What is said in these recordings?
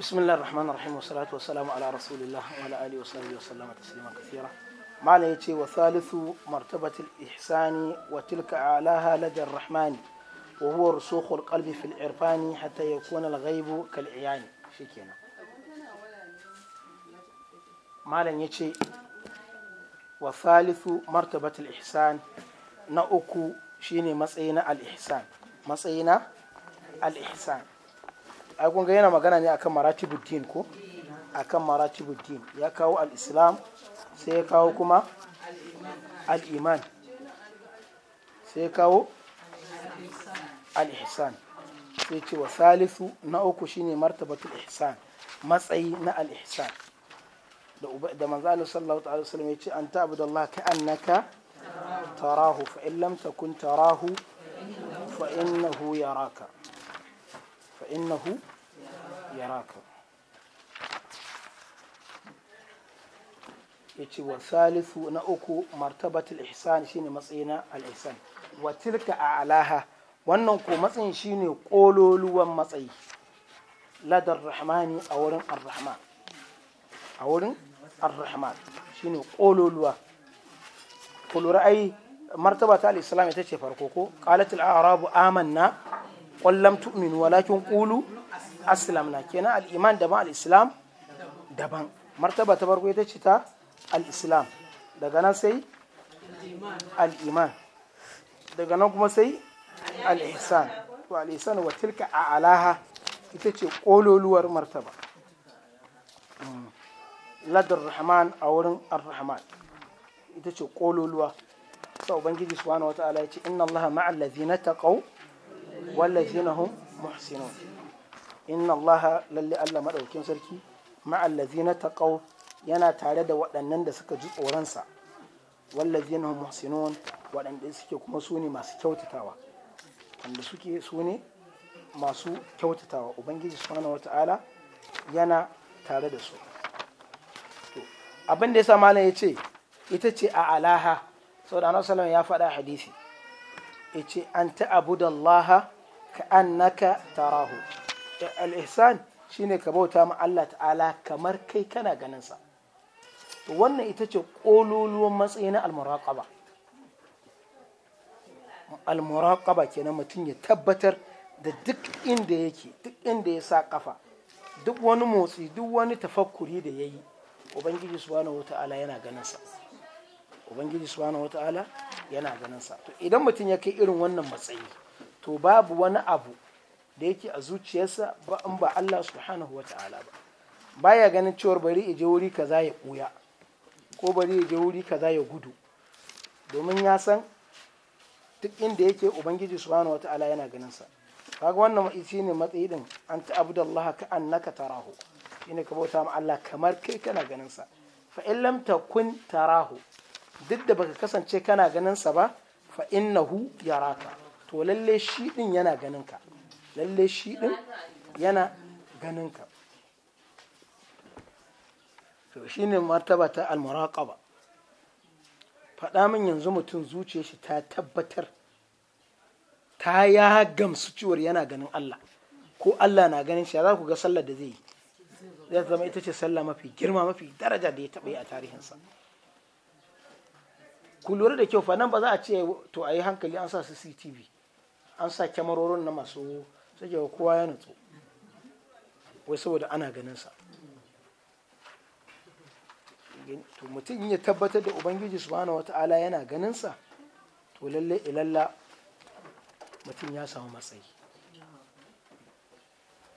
بسم الله الرحمن الرحيم والصلاة والسلام على رسول الله وعلى آله وصحبه وسلم تسليما كثيرا ما يتي وثالث مرتبة الإحسان وتلك أعلاها لدى الرحمن وهو رسوخ القلب في العرفان حتى يكون الغيب كالعيان شكينا ما يتي وثالث مرتبة الإحسان نأكو شيني مسئينا الإحسان مسئينا الإحسان ai ga yana magana ne akan maratibuddin ko akan maratibuddin ya kawo al-islam sai ya kawo kuma al-iman sai ya kawo al-ihsan sai ce wa salisu na uku shine martabatul ihsan matsayi na al-ihsan da manzo Allah sallallahu alaihi wasallam ya ce an ta'budallaha annaka tarahu fa in lam takun tarahu fa innahu yaraka fa innahu yaraka yace wa salisu na uku martabatul ihsan shine matsayi na wa tilka a'laha wannan ko matsayin shine kololuwan matsayi ladar rahman a wurin shine kololuwa ita ce farko ko qalatul a'rabu amanna kwallon tu'min walakin ƙulu aslam na kenan al'iman daban al'islam daban martaba ta farko ita ce ta al'islam daga nan sai al'iman daga nan kuma sai al'ihsan to al'ihsan wa tilka a alaha ita ce ƙololuwar martaba hmm. ladar rahman a wurin ar-rahman ita ce ƙololuwa sa ubangiji subhanahu wa ta'ala ya ce inna allaha ma'al ladhina taqaw wallazina hun muhsinun inna allaha lalle allah madaukin sarki ma'allazina taqaw yana tare da waɗannan da suka ji tsoronsa wallazina hum muhsinun waɗanda suke kuma su ne masu kyautatawa wanda suke su ne masu kyautatawa ubangiji subhanahu wata'ala yana tare da su abin da ya sa malam ya ce ita ce a alaha saboda annabi ya faɗa hadisi ya ce an ta'abuda Allah ka annaka tarahu al-ihsan shine ka bauta ma Allah ta'ala kamar kai kana ganin sa wannan ita ce kololuwan matsayi na al-muraqaba al-muraqaba kenan mutum ya tabbatar da duk inda yake duk inda ya sa ƙafa duk wani motsi duk wani tafakkuri da yayi ubangiji subhanahu wata'ala yana ganin sa ubangiji subhanahu wataala yana ganin sa to idan mutum ya kai irin wannan matsayi to babu wani abu da yake a zuciyarsa ba in ba Allah subhanahu ta'ala ba baya ganin cewar bari ya je wuri kaza ya buya ko bari ya je wuri kaza ya gudu domin ya san duk inda yake ubangiji subhanahu ta'ala yana ganin sa kaga wannan ne matsayi din an ta'budallaha ka annaka tarahu shine ka bauta ma Allah kamar kai kana ganin sa fa in lam takun tarahu duk da baka kasance kana ganin sa ba fa innahu yaraka to lalle shi din yana ganin ka lalle shi din yana ganin ka to shine martaba ta al-muraqaba faɗa min yanzu mutum zuciyar shi ta tabbatar ta ya gamsu ciwar yana ganin Allah ko Allah na ganin shi za ku ga sallar da zai yi zai zama ita ce sallah mafi girma mafi daraja da ya taɓa yi a tarihinsa ku lura da kyau fa ba za a ce to a yi hankali an sa cctv an sa kyamarorin na masu sake kowa ya nutsu wai saboda ana ganin sa to mutum ya tabbatar da ubangiji subhanahu wata'ala yana ganin sa to lalle ilalla mutum ya samu matsayi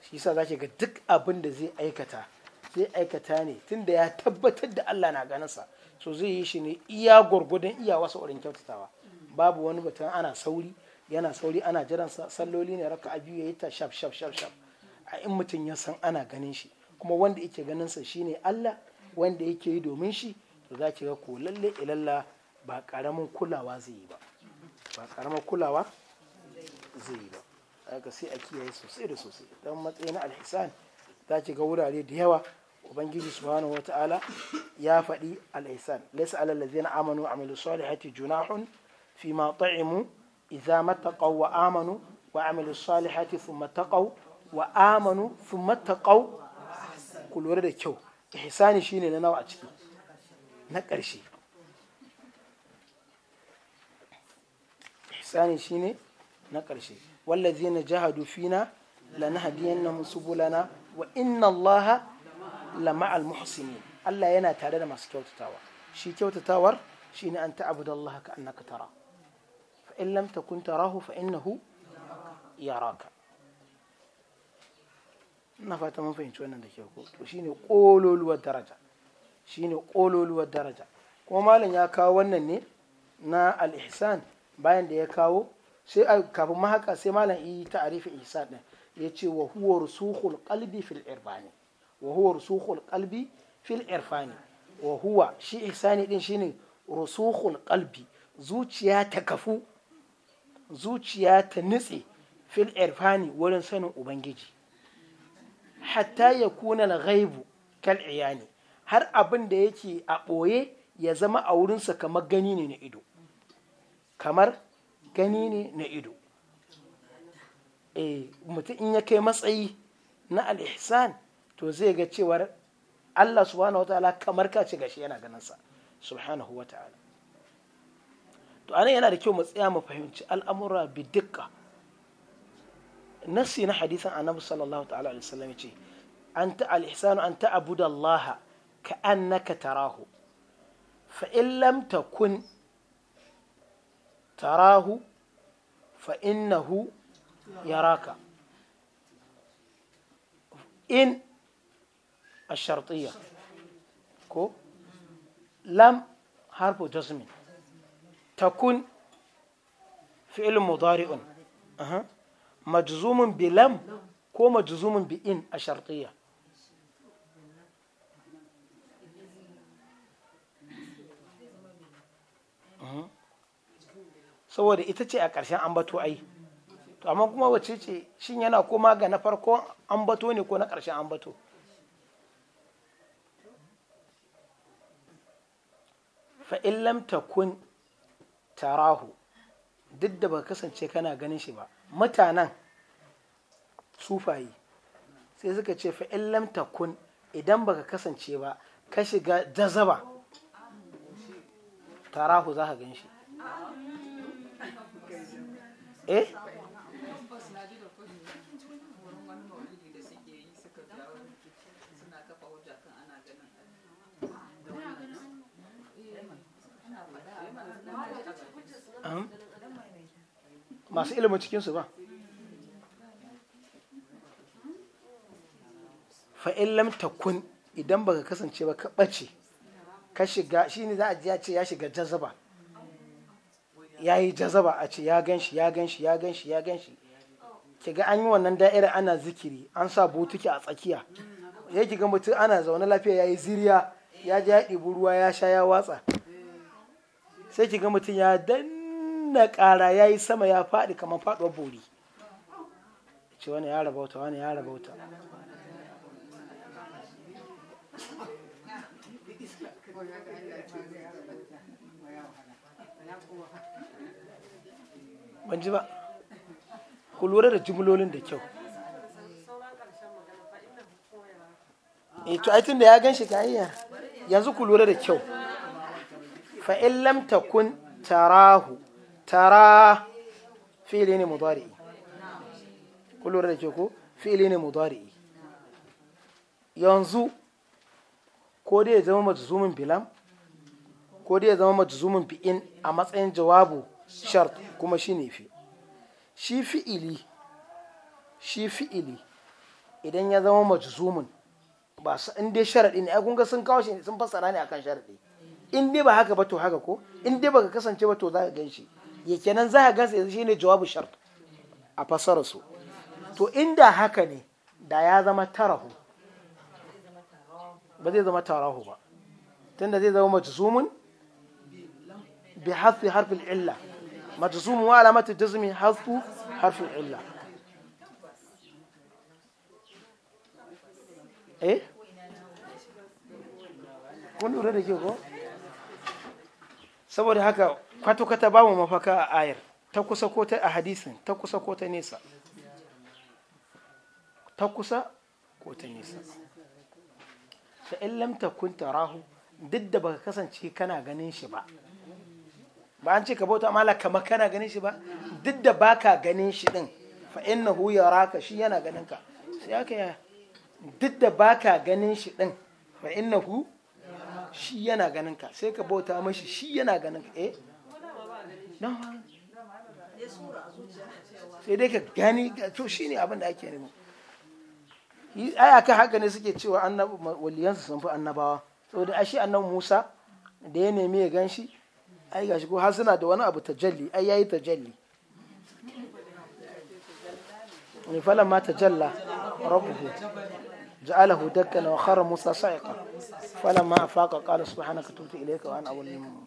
shi yasa zaki ga duk abin da zai aikata zai aikata ne tunda ya tabbatar da Allah na ganin sa so zai yi shi ne iya gwargwadon iya wasu wurin kyautatawa babu wani batun ana sauri yana sauri ana jiran salloli ne raka a biyu ya yi ta shaf shaf shaf shaf a in mutum ya san ana ganin shi kuma wanda yake ganin sa shine Allah wanda yake yi domin shi to za ki ga ko lalle ilalla ba karamin kulawa zai yi ba ba karamin kulawa zai yi ba haka sai a kiyaye sosai da sosai dan matsayin alhisan za ki ga wurare da yawa ubangiji subhanahu wa wata'ala ya faɗi al-ihsan laysa alal ladzina amanu wa amilus salihati junahun fi ma ta'imu idza mattaqaw wa amanu wa amilus salihati thumma taqaw wa amanu thumma taqaw ku da kyau ihsani shine na nawa a ciki na ƙarshe ihsani shine na ƙarshe wallazina jahadu fina lanahdiyannahum subulana wa inna allaha lama al Allah yana tare da masu kyautatawa shi kyautatawar shine an ta'budallaha ka annaka tara fa in lam takun tarahu fa innahu yaraka ina fata mun fahimci wannan da kyau ko to shine kololuwar daraja shine kololuwar daraja kuma malam ya kawo wannan ne na al-ihsan bayan da ya kawo sai kafin mahaka sai malam yi ta'arifin ihsan din yace wa huwa rusukhul qalbi fil irbani wa huwa rusukhul qalbi fil irfani wa shi ihsani din shine rusukhul qalbi zuciya ta kafu zuciya ta nutse fil wurin sanin ubangiji hatta ya kuna ghaibu har abin da yake a ɓoye ya zama a wurinsa kamar gani kamar gani ne na ido eh mutum in ya kai matsayi na al-ihsan to zai ga cewar Allah subhanahu wataala kamar ka ce gashi yana ganin sa subhanahu wataala to anan yana da kyau mu tsaya mu fahimci al'amura bi dukka nasi na hadisan annabi sallallahu ta'ala alaihi wasallam yace anta al-ihsanu an ta'budu Allah ka annaka tarahu fa in lam takun tarahu fa innahu yaraka in الشرطية كو لم حرف جزم تكون فعل مضارع أه. مجزوم بلم كو مجزوم بإن الشرطية saboda ita ce a ƙarshen bato ai to amma kuma wacce ce shin yana koma ga na farko bato ne ko na ƙarshen bato. fa'in lam tarahu duk da ba kasance kana ganin shi ba mutanen sufayi sai suka ce fa'in lam idan idan ka kasance ba ka shiga jazaba tarahu za ka gan shi eh masu ilimin cikinsu ba fa'in lamta kun idan baka kasance ba ka ɓace ka shiga shi ne za a ji ya ce ya shiga jazaba ya yi jazaba a ce ya ganshi ya ganshi ya ganshi ya ganshi ki ga an yi wannan da'ira ana zikiri an sa butuki a tsakiya ya ki ga mutum ana zaune lafiya ya yi ziriya ya ji ya ɗibi ruwa ya sha ya watsa sai ki ga mutum ya danna ƙara ya yi sama ya faɗi kamar faɗuwar bori ce wani ya rabauta wani ya rabauta ban ji ba ku lura da jimlolin da kyau ito eh, aitin da ya gan shi ka yanzu ku lura da kyau fa'in lam takun tarahu tara fi'ili ne mudari'i kullum da ke ko fi'ili ne mudari'i yanzu ko dai ya zama majzumin bilam ko dai ya zama majzumin fi'in a matsayin jawabu shart kuma shi ne fi shi fi'ili shi fi'ili idan ya zama majzumin ba su inda sharaɗi ne ai kun ga sun kawo shi sun fassara ne akan sharaɗi in dai ba haka ba to haka ko in dai baka kasance ba to za ka gan shi ya kenan za ka gan sa yanzu ne jawabu shart a fasarar su to inda haka ne da ya zama tarahu ba zai zama tarahu ba tun da zai zama majzumun bi hasfi harfin illa majzumun wa alamatu jazmi hasfu harfin illa eh kun lura da ke ko saboda haka kwata-kwata ba mu mafaka a ayar ta kusa ko ta a hadisin ta kusa ko ta nesa ta kusa ko ta nesa ta illamta takun rahu duk da baka kasance kana ganin shi ba ba an ce ka bauta amala kama kana ganin shi ba duk da baka ganin shi din fa innahu yaraka shi yana ganin ka sai aka ya duk da baka ganin shi din fa hu. shi yana ganin ka sai ka bauta mashi shi yana ganin ka eh sai dai ka gani to shi ne abin da ake nema ai aka haka ne suke cewa annabi waliyansu sun fi annabawa saboda ashe annabi Musa da ya nemi ya ganshi ai gashi ko har suna da wani abu tajalli ai yayi tajalli ni fala ma tajalla rabbuhu ja'alahu dakkana wa khara Musa sa'iqan فلما أفاق قال سبحانك تبت إليك وأنا أول المؤمنين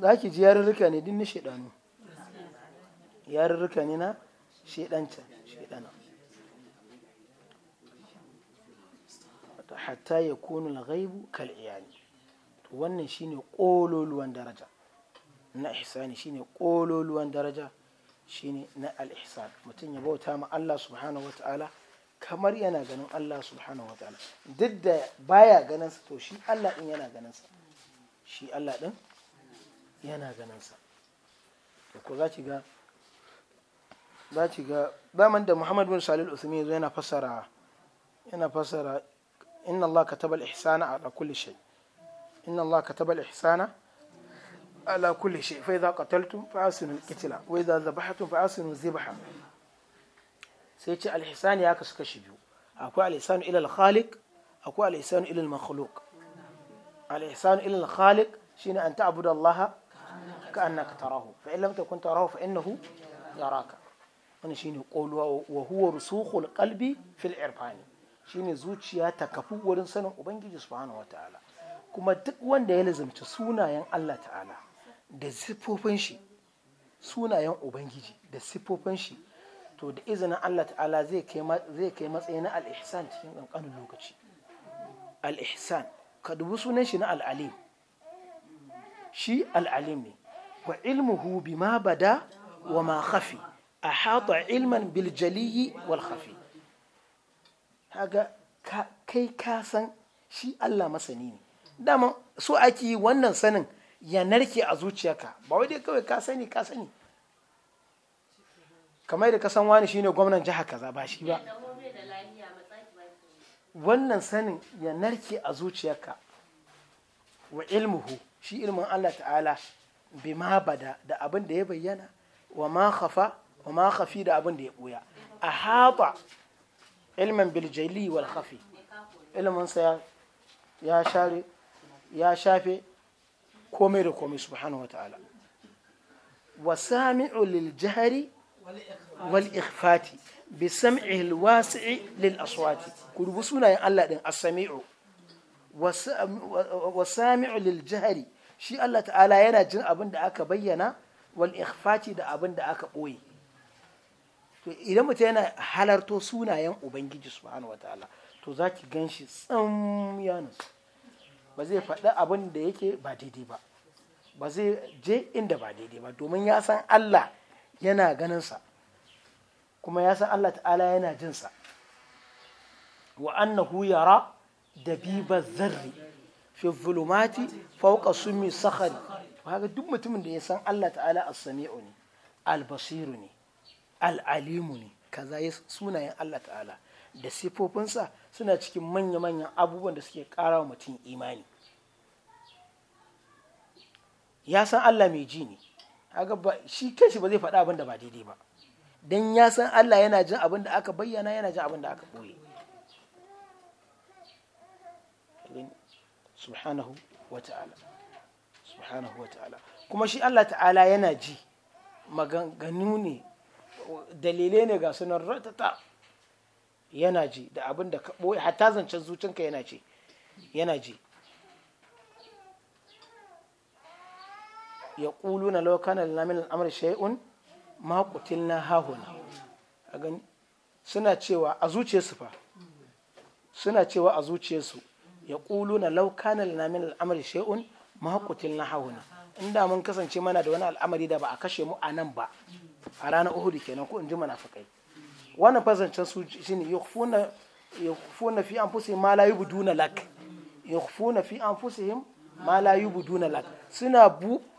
za ki ji yarurruka ne din na shaidanu yarurruka ne na shaidanta shaidana hatta ya kunu lagaibu kal iyali to wannan shine kololuwan daraja na ihsani shine kololuwan daraja shine na al-ihsan mutum ya bauta ma Allah subhanahu ta'ala. kamar yana ganin Allah subhanahu ta'ala duk da baya ganin sa to shi Allah din yana ganin sa shi Allah din yana ganin sa to ko za ki ga za ki ga zaman da Muhammad bin Salih al-Uthaymeen yazo yana fassara yana fassara inna Allah kataba al-ihsana ala kulli shay inna Allah kataba al-ihsana ala kulli shay fa idza qataltum fa asinu al-qitla wa idza dhabhatum fa asinu dhabha sai ce alhisani ya suka shi biyu akwai alhisanu ila khaliq akwai alhisanu ilal makhluq alhisanu ilal khaliq shine an ta'budu Allah ka annaka tarahu fa in lam takun tarahu fa innahu yaraka wannan shine qawluwa wa huwa rusukhul qalbi fil irfani shine zuciya ta kafu wurin sanin ubangiji subhanahu wataala kuma duk wanda ya lazimci sunayen Allah ta'ala da siffofin shi sunayen ubangiji da siffofin shi to da izinin Allah ta'ala zai kai matsayi na al cikin ƙanƙanin lokaci al-ihsan ka sunan shi na al shi al ne wa ilmuhu ma bada wa ma khafi ahata ilman bil jaliyi wal khafi haga kai ka san shi Allah masani ne dama so ake wannan sanin ya narke a zuciyarka ba wai dai kawai ka sani ka sani kamar da san wani shine gwamnan jihar kaza ba shi ba wannan sanin ya narke a zuciyarka wa ilmuhu shi ilmin Allah ta'ala bima bada da abin da ya bayyana wa ma khafa wa ma khafi da abin da ya buya a haɓa ilmin biljali wal khafi ilminsa ya share ya shafe komai da komai subhanahu wa ta'ala wa sami'u lil jahari والإخفات بسمع aswati للأصوات كل سنة الله دين السميع والسامع للجهر shi allah ta'ala yana jin abin da aka bayyana wal da abin da aka ɓoye idan mutum yana halarto sunayen ubangiji subhanahu wataala to zaki ganshi tsam yanus ba zai faɗi abin da yake ba daidai ba ba zai je inda ba daidai ba domin ya san Allah yana ganinsa kuma ya san Allah ta'ala yana jinsa wa annahu yara dabiba zarri fi zulumati fawqa summi sakhari haka duk mutumin da ya san Allah ta'ala as-sami'u ne al-basiru ne al-alimu ne kaza ya sunayen Allah ta'ala da sifofinsa suna cikin manya-manyan abubuwan da suke ƙara wa mutum imani ya san Allah mai ji ne kaga shi shi ba zai faɗa abin da ba daidai ba dan ya san Allah yana jin abin da aka bayyana yana jin abin da aka ɓoye subhanahu wa ta'ala subhanahu wa ta'ala kuma shi Allah ta'ala yana ji maganganu ne dalilai ne ga sunan ratata yana ji da abin da ka boye hatta zancen zuciyanka yana ji yana ji ya ƙulu na lokana da namin al'amar shay'un ma na hahuna suna cewa a zuciyarsu fa suna cewa a zuciyarsu ya ƙulu na lokana da namin al'amar shay'un ma na hahuna inda mun kasance mana da wani al'amari da ba a kashe mu a nan ba a ranar uhudu kenan ko in ji kai wannan fazancen su shine yakhfuna na fi anfusihim ma la yubduna lak yakhfuna fi anfusihim ma la yubduna lak suna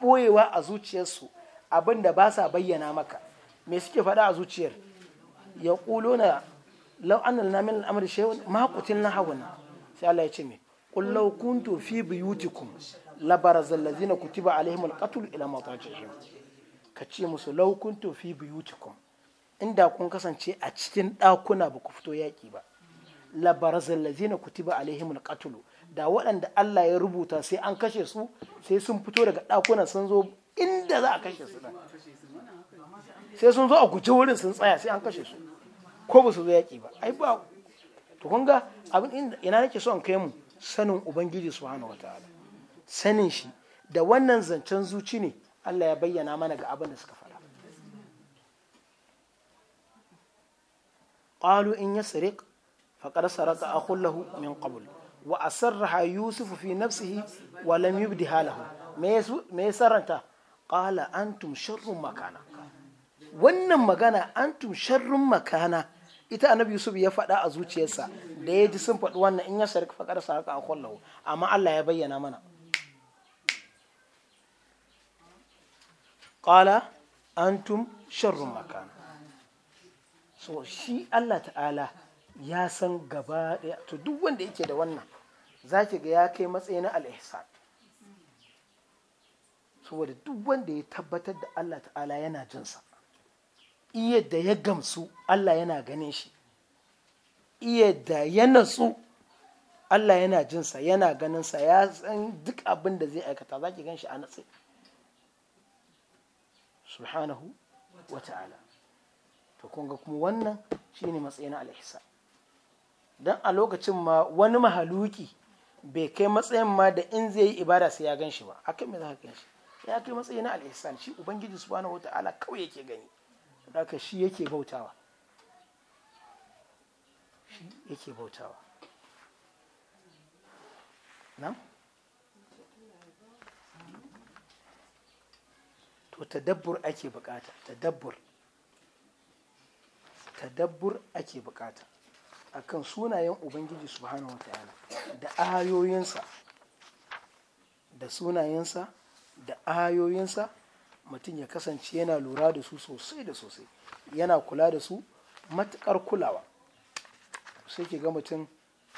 boyewa a zuciyarsu abinda ba sa bayyana maka me suke faɗa a zuciyar ya na lau anna lana min al-amri ma ma qutilna hawana sai Allah ya ce me qul law kuntu fi buyutikum labaraza allazina kutiba alaihim al-qatl ila mataqihim ka ce musu law kuntu fi buyutikum inda kun kasance a cikin ɗakuna ba ku fito yaƙi ba labaraza allazina kutiba alaihim al-qatl da waɗanda Allah ya rubuta sai an kashe su sai sun fito daga ɗakuna sun zo inda za a kashe su sai sun zo a guje wurin sun tsaya sai an kashe su ko ba su zo yaƙi ba ai ba to kun ga abin ina nake so in kai mu sanin ubangiji subhanahu wataala sanin shi da wannan zancen zuci ne Allah ya bayyana mana ga abin da suka faɗa qalu in yasriq faqad saraka lahu min qabl wa asarraha yusufu fi nafsihi wa lam yubdiha lahu me ya saranta qala antum sharrun makana wannan magana antum sharrun makana ita annabi yusuf ya faɗa a zuciyarsa da ya ji sun faɗi wannan in ya sarki faƙar sa haka a kwallahu amma Allah ya bayyana mana qala antum sharrun makana so shi Allah ta'ala ya san gaba ɗaya to duk wanda yake da wannan za ki ga ya kai matsayi na al'ihsan saboda duk wanda ya tabbatar da Allah ta'ala yana jinsa iya da ya gamsu Allah yana ganin shi iya da ya natsu Allah yana jinsa yana ganinsa ya san duk abin da zai aikata za ki gan shi a natsi subhanahu wa ta'ala to kun kuma wannan shine matsayin al'isa. dan a lokacin ma wani mahaluki bai kai matsayin ma da in zai yi ibada sai ya gan shi ba kan me za ka gan shi ya kai matsayi na al'ihsan shi ubangiji subhanahu ta'ala kawai yake gani haka shi yake bautawa shi yake bautawa na to tadabbur ake bukata tadabbur tadabbur ake bukata akan sunayen ubangiji subhanahu wa ta'ala da ayoyinsa da sunayensa da ayoyinsa mutum ya kasance yana lura da su sosai da sosai yana kula da su matuƙar kulawa sai ke ga mutum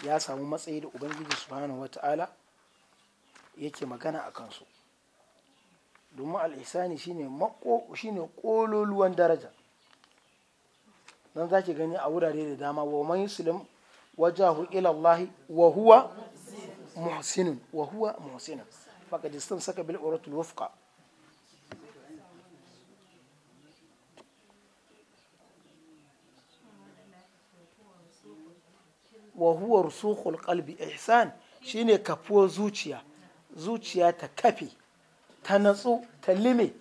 ya samu matsayi da ubangiji subhanahu ta'ala yake magana a kansu domin al'isani shine ne kololuwan daraja dan zaki gani a wurare da dama wa man yuslim wajahu ila Allah wa huwa muhsinun wa huwa muhsinun faqad istamsaka bil uratul wufqa wa huwa rusukhul qalbi ihsan shine kafuwar zuciya zuciya ta kafe ta natsu ta lime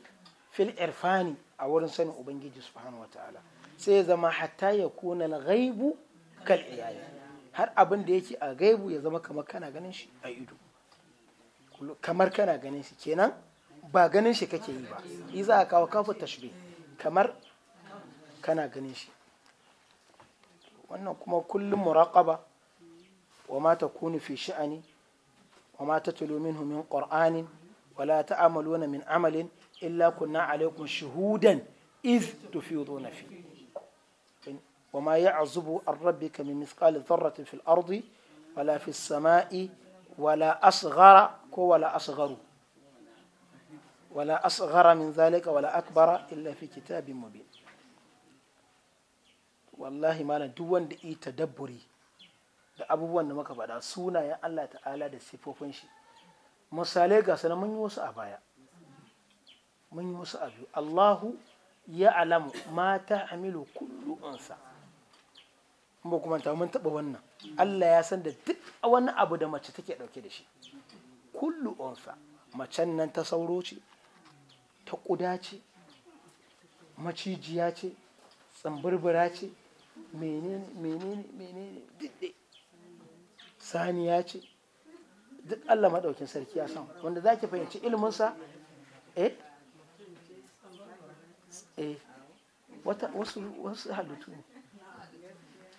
fil irfani a wurin sanin ubangiji subhanahu wataala sai ya zama hatta ya kuna gaibu kal iyali har abin da yake a gaibu ya zama kamar kana ganin shi a ido kamar kana ganin shi kenan ba ganin shi kake yi ba yi za a kawo kafa tashbih kamar kana ganin shi wannan kuma kullum muraqaba wa ma takunu fi sha'ani wa ma tatlu minhu min qur'anin wa la ta'maluna min amalin illa kunna alaykum shuhudan iz tufiduna fi وما يعزب عن ربك من مثقال ذرة في الأرض ولا في السماء ولا أصغر ولا أصغر ولا أصغر من ذلك ولا أكبر إلا في كتاب مبين wallahi malam duk wanda yi tadabburi da abubuwan da muka faɗa sunayen Allah ta'ala da sifofin shi misalai ga sanan mun yi wasu a baya mun yi wasu a biyu Allahu ya alamu mata amilu kullu unsa in ba kuma ta mun taɓa wannan Allah ya san da duk wani abu da mace take ɗauke da shi kullu unsa macen nan ta sauro ce ta ƙuda ce macijiya ce tsambirbira ce menene menene menene duk saniya ce duk Allah maɗaukin sarki ya san wanda zaki fahimci fahimci sa eh eh wasu halittu ne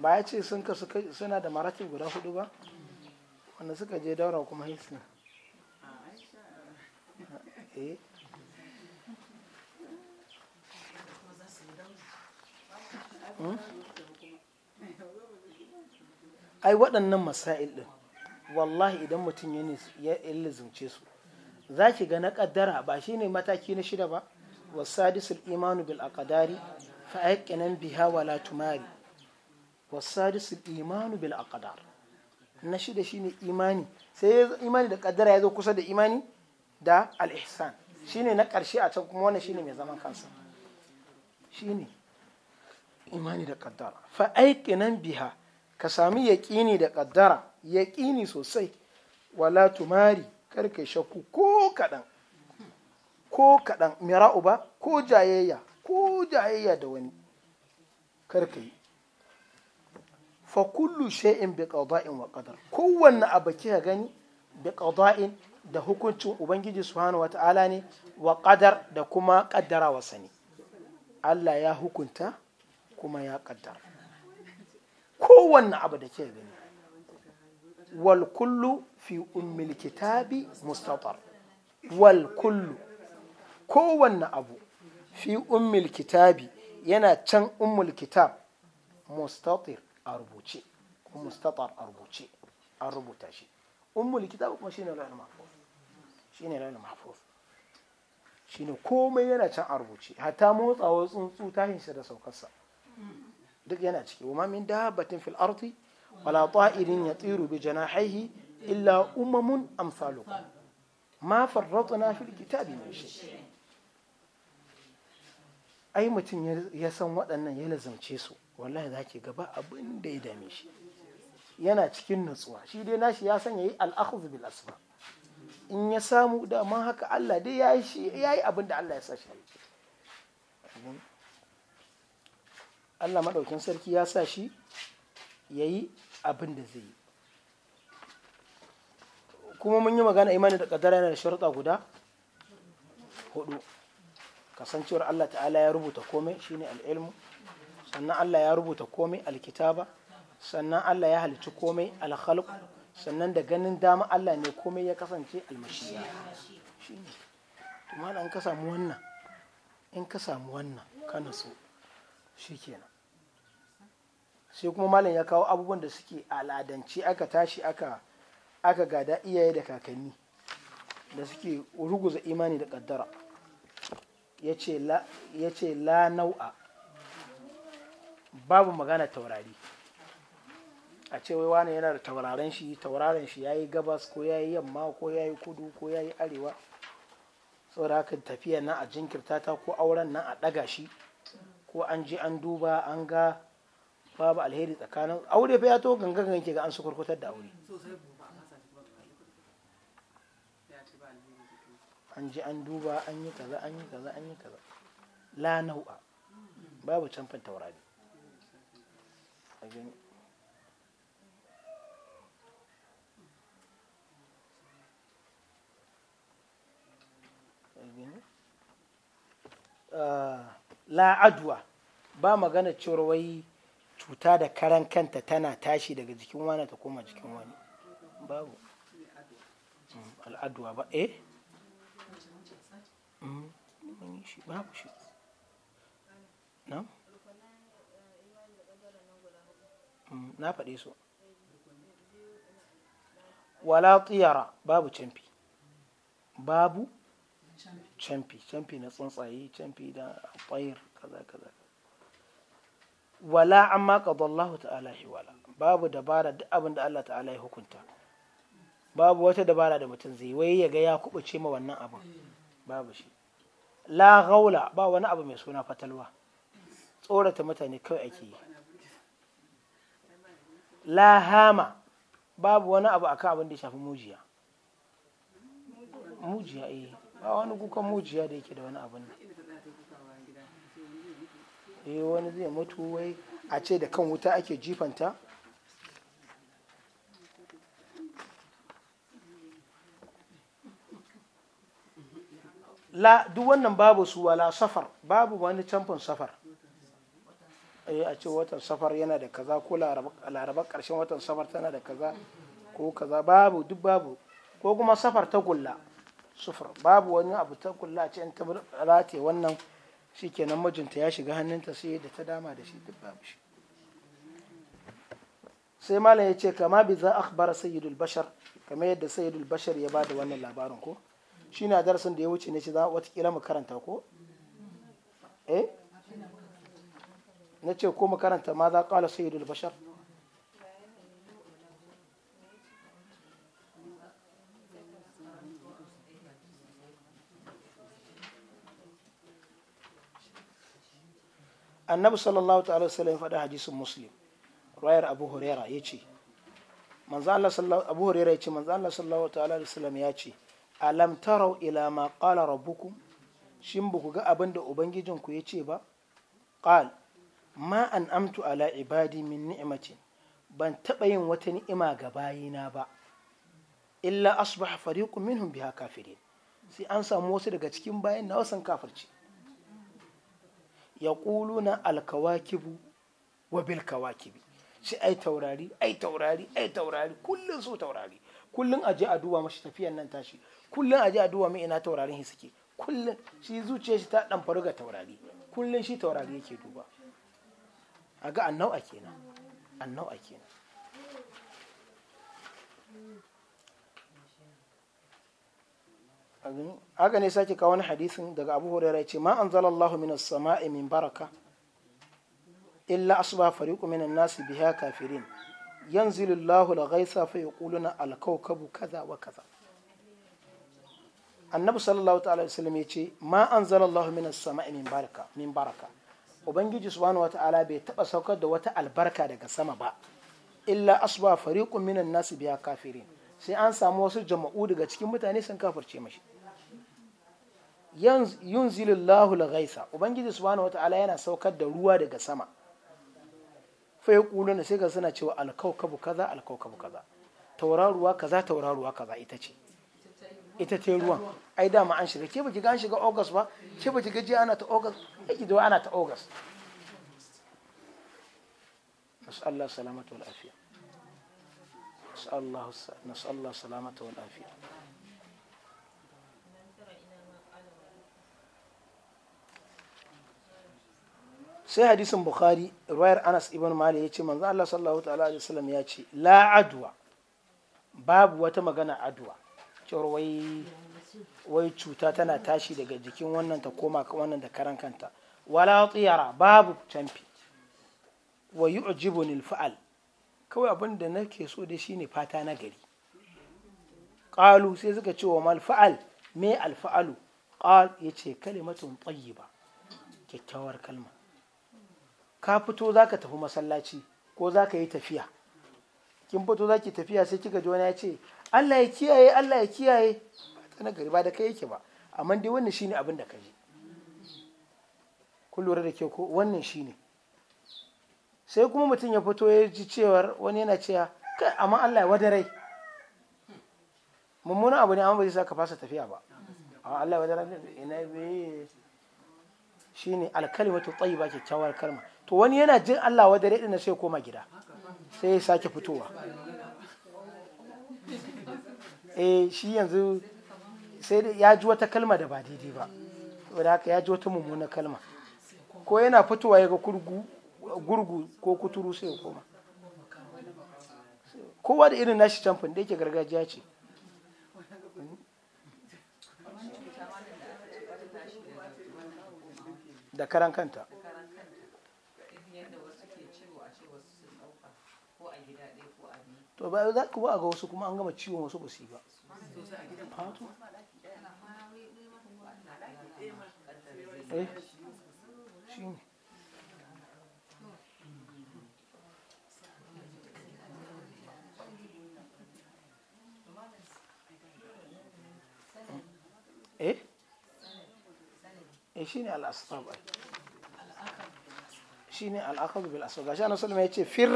ba ya ce sun kasu suna da maraki guda hudu ba wanda suka je daura kuma hils eh. hmm? ai waɗannan masail ɗin wallahi idan mutum ya ilizince su za ki ga na ƙaddara ba shi ne mataki na shida ba wasadisul imanu bil aqdari fa nan biha wala tumari wasadis imanu bil aqdar na shi shine imani sai imani da ya kusa da imani da al ihsan shine na karshe a can kuma wannan shine mai zaman kansa shine imani da kaddara fa aiqinan biha ka sami yaqini da kaddara yaqini sosai wala tumari kar kai shakku ko kadan ko kadan mira'u ko jayayya ko jayayya da wani kar kai fa kullu shay'in bi qada'in wa qadar kowanne abu kika gani bi qada'in da hukuncin ubangiji subhanahu wata'ala ne wa qadar da kuma kaddara wasa Allah ya hukunta kuma ya kaddara kowanne abu da kika gani wal kullu fi ummil kitabi mustatar wal kullu kowanne abu fi ummil kitabi yana can ummul kitab mustatir a rubuce kuma statar a rubuce an rubuta shi ummul kitab kuma shine lawhul mahfuz shine lawhul mahfuz shine komai yana can a rubuce hatta motsawar tsuntsu tahin shi da saukarsa duk yana ciki wa ma min dabbatin fil ardi wala ta'irin yatiru bi janahihi illa umamun amsalukum ma farratna fil kitabi min shay ai mutum ya san waɗannan ya lazamce su wallahi za ki gaba abin da ya dame shi yana cikin nutsuwa shi dai nashi ya sanya yi al'akhudhu bil asbab in ya samu dama haka Allah dai ya yi abin da Allah ya sa shi Allah maɗaukin sarki ya sa shi ya yi abin da zai yi kuma mun yi magana imani da ƙadara yana da sharuɗa guda hudu kasancewar Allah ta'ala ya rubuta komai shine al'ilmu sannan Allah ya rubuta komai alkitaba sannan Allah ya halicci komai alkhalq sannan da ganin dama Allah ne komai ya kasance almashiya shine to ka samu wannan in ka samu wannan kana so shikenan sai kuma malam ya kawo abubuwan da suke al'adance aka tashi aka aka gada iyaye da kakanni da suke ruguza imani da kaddara ya ce la nau'a babu magana taurari a ce wai wani yana da tauraron shi tauraron shi ya yi gabas ko ya yi yamma ko ya yi kudu ko ya yi arewa saboda haka tafiya nan a jinkirta ta ko auren nan a ɗaga shi ko an je an duba an ga babu alheri tsakanin aure fa ya to gangan ganke ga an su kurkutar da aure an je an duba an yi kaza an yi kaza an yi kaza la nau'a babu canfin taurari Uh, a gani ba magana cewar wai cuta da karan kanta tana tashi daga jikin wani ta koma jikin wani babu mm, al'adwa ba eh mm, babu shi na? Mm, na faɗe su wala tsiyara babu camfi babu camfi camfi na tsuntsaye camfi da tsayir kaza kaza wala amma qadallahu ta'ala wala babu dabara duk abin da Allah ta'ala ya hukunta babu wata dabara da mutum zai wai ya ga ya kubuce ma wannan abin babu shi la gaula ba wani abu mai suna fatalwa tsorata mutane kawai ake yi la hama babu wani abu akan abin da ya shafi mujiya mujiya eh ba wani kukan mujiya da yake da wani abin nan eh wani zai mutu wai a ce da kan wuta ake jifanta la duk wannan babu su wala safar babu wani camfin safar Eh, a ce watan safar yana da kaza ko laraba ƙarshen watan safar tana da kaza ko kaza babu duk babu ko kuma safar ta gulla sufur babu wani abu ta gulla ce in ta rataye wannan shikenan mijinta ya shiga hannunta sai da ta dama da shi duk babu shi sai malam ya ce kama bi za akhbara sayyidul bashar kama yadda sayyidul bashar ya da wannan labarin ko shi na darasin da ya wuce ne shi za watakila mu karanta ko eh na ce ko makaranta ma za ƙala sayyidul bashar annabi sallallahu ta'ala wasallam ya faɗa hadisin muslim rayar abu huraira ya ce manzo Allah sallallahu abu huraira ya ce manzo Allah sallallahu ta'ala wasallam ya ce alam tarau ila ma qala rabbukum shin ba ku ga abin da ubangijinku ya ce ba qal ma an amtu ala ibadi min ni'matin ban taɓa yin wata ni'ima ga bayina ba illa asbaha fariqun minhum biha kafirin sai an samu wasu daga cikin bayan na wasan kafirci yaquluna alkawakibu wa bil kawakibi shi ai taurari ai taurari ai taurari kullun su taurari kullun aje a duba mashi tafiyan nan tashi kullun aje a duba mai ina taurarin shi suke kullun shi zuciyar shi ta dan faru ga taurari kullun shi taurari yake duba a ga annau'a kenan annau'a kenan haka ne sake kawo wani hadisin daga abu hurairah ce ma an anzalallahu minas sama'i min baraka illa asuba fariqu minan nasi biya kafirin yanzilu Allahu al-ghaitha fa yaquluna al-kawkabu kaza wa kaza annabi sallallahu ta'ala alaihi wasallam ma an minas sama'i min baraka min baraka ubangiji subhanahu wata'ala bai taba saukar da wata albarka daga sama ba illa asba fariqun minan nasi biya kafirin sai an samu wasu jama'u daga cikin mutane sun kafirce mashi yunzilillahu laghaisa ubangiji subhanahu wata'ala yana saukar da ruwa daga sama fa na sai ga suna cewa alkaukabu kaza alkaukabu kaza tauraruwa kaza tauraruwa kaza ita ce ita ta ruwan ai dama an shiga ke baki ga an shiga august ba ke baki ga jiya ana ta august ai da ana ta august نسأل الله السلامة والعافية نسأل الله نسأل الله السلامة والعافية sai hadisin bukhari ruwayar anas ibn malik ya ce manzo allah sallallahu ta'ala alaihi wasallam ya ce la adwa babu wata magana adwa cewar wai cuta tana tashi daga jikin wannan ta koma wannan da karan kanta wala tsiyara babu canfi wa yu'jibuni al-fa'al kawai abinda da nake so da shi ne fata na gari qalu sai suka ce wa mal fa'al me al-fa'alu qal yace kalimatun tayyiba kyakkyawar kalma ka fito zaka tafi masallaci ko zaka yi tafiya kin fito zaki tafiya sai kika ji wani ya ce Allah ya kiyaye Allah ya kiyaye ba ta na gari ba da kai yake ba amma dai wannan shine abin da ka ji kun lura da ke ko wannan shine sai kuma mutum ya fito ya ji cewar wani yana cewa kai amma Allah ya wadarai mummunan abu ne amma bai sa ka fasa tafiya ba amma Allah ya wadarai ina bai shine alkalimatu tayyiba kyakkyawar kalma to wani yana jin Allah wadarai din sai koma gida sai ya sake fitowa eh shi yanzu sai ya ji wata kalma da ba daidai ba saboda haka ya ji wata mummuna kalma ko yana fitowa ya ga gurgu ko kuturu sai ya koma kowa da irin nashi camfin da yake gargajiya ce da karan kanta to ba za ku ba ga wasu kuma an gama ciwon wasu ba su yi ba eh eh, eh shine al'asbab shine al'aqab bil asbab gashi annabi ce fir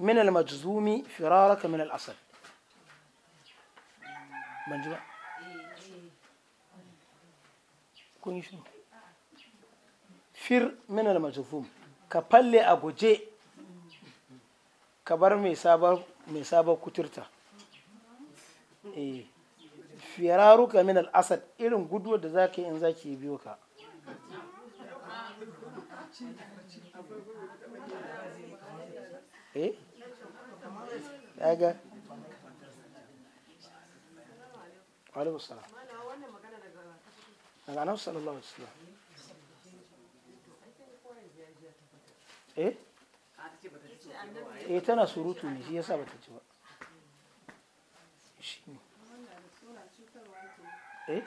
min al-majzumi firaraka min al-asad fir min al-majzum ka falle a guje ka bar mai sabar kuturta firaruka min al-asad irin guduwar da zaka yi in zaki biyo ka kaga alaihi salam daga sallallahu alaihi eh eh tana surutu ne shi yasa bata ci ba eh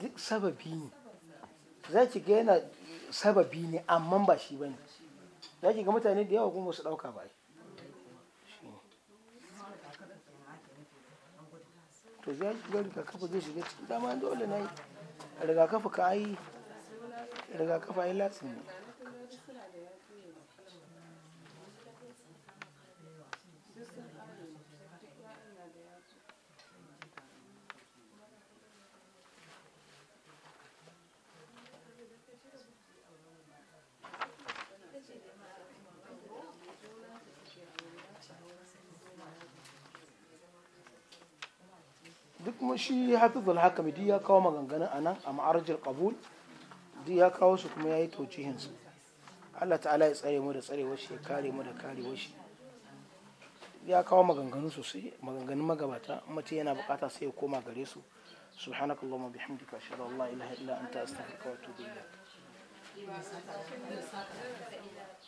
duk sababi ne za ki ga yana sababi ne amma ba shi ba ne za ki ga mutane da yawa kuma su ɗauka ba shi to zai shiga rigakafi zai shiga cikin dama dole na yi rigakafi ka yi rigakafi ya latsi ne kuma shi hafizul hakami duk ya kawo maganganun a nan a ma'arajin kabul duk ya kawo su kuma ya yi tocihinsu allah ta'ala ya tsare mu da tsare washi ya kare mu da kare washi ya kawo maganganu sosai maganganun magabata mace yana bukata sai ya koma gare su subhanakallahumma bihamdika ashhadu an la ilaha illa anta astaghfiruka wa atubu ilaik